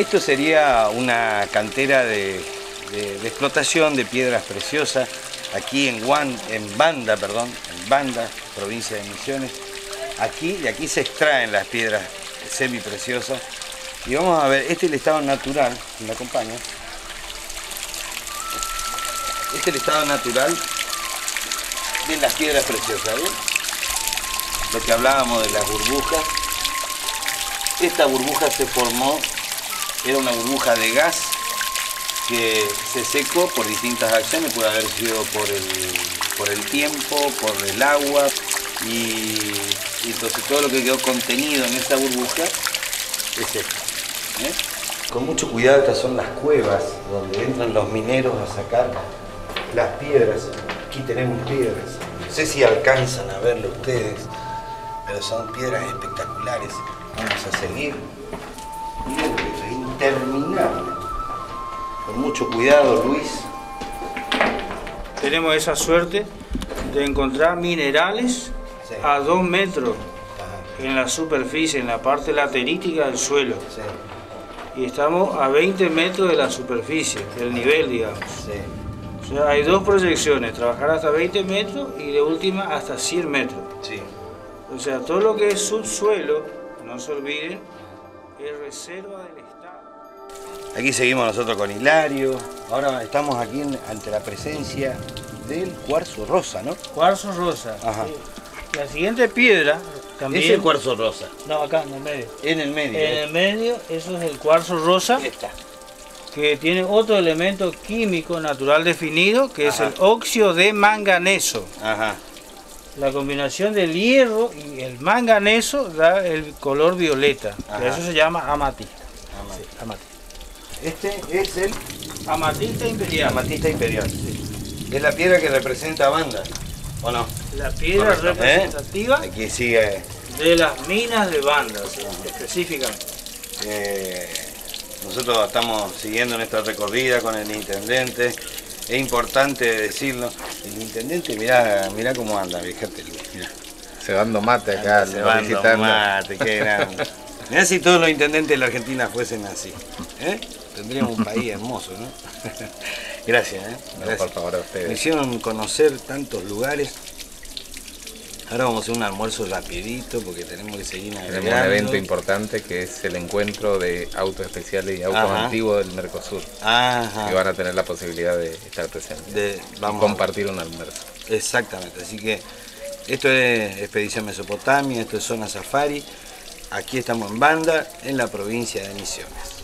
Esto sería una cantera de, explotación de piedras preciosas aquí en, en Banda, perdón, en Banda, provincia de Misiones. Aquí, de aquí se extraen las piedras semi preciosas Y vamos a ver, este es el estado natural, me acompaña. Este es el estado natural de las piedras preciosas, ¿eh? Lo que hablábamos de las burbujas. Esta burbuja se formó era una burbuja de gas que se secó por distintas acciones, puede haber sido por el, por el tiempo, por el agua, y, entonces todo lo que quedó contenido en esa burbuja es esto. ¿eh? Con mucho cuidado estas son las cuevas donde entran los mineros a sacar las piedras. Aquí tenemos piedras. No sé si alcanzan a verlo ustedes, pero son piedras espectaculares. Vamos a seguir terminar. Con mucho cuidado, Luis. Tenemos esa suerte de encontrar minerales a dos metros en la superficie, en la parte laterítica del suelo. Y estamos a 20 metros de la superficie, del nivel, digamos. O sea, hay dos proyecciones, trabajar hasta 20 metros y de última hasta 100 metros. O sea, todo lo que es subsuelo, no se olviden, es reserva del Estado. Aquí seguimos nosotros con Hilario. Ahora estamos aquí ante la presencia del cuarzo rosa, ¿no? Cuarzo rosa. Ajá. La siguiente piedra también. Es el cuarzo rosa. No, acá en el medio. En el medio. En ¿eh? el medio, eso es el cuarzo rosa. Que tiene otro elemento químico natural definido, que es el óxido de manganeso. Ajá. La combinación del hierro y el manganeso da el color violeta. eso se llama amatí. Amatí. Este es el... Amatista imperial. Amatista imperial, sí. Es la piedra que representa a Banda, ¿o no? La piedra ¿eh? representativa sigue... de las minas de Banda, específicamente. Eh, nosotros estamos siguiendo nuestra recorrida con el intendente. Es importante decirlo. El intendente, mira, mira cómo anda, fíjate. Mirá. Se dando mate acá, se va mate, qué grande. Mirá si todos los intendentes de la Argentina fuesen así. ¿eh? Tendríamos un país hermoso, ¿no? Gracias, ¿eh? Me hicieron conocer tantos lugares. Ahora vamos a hacer un almuerzo rapidito porque tenemos que seguir navegando. Tenemos un evento importante que es el encuentro de autos especiales y autos antiguos del Mercosur. Ajá. Que van a tener la posibilidad de estar presentes. De, compartir un almuerzo. Exactamente, así que esto es Expedición Mesopotamia, esto es Zona Safari. Aquí estamos en Banda, en la provincia de Misiones.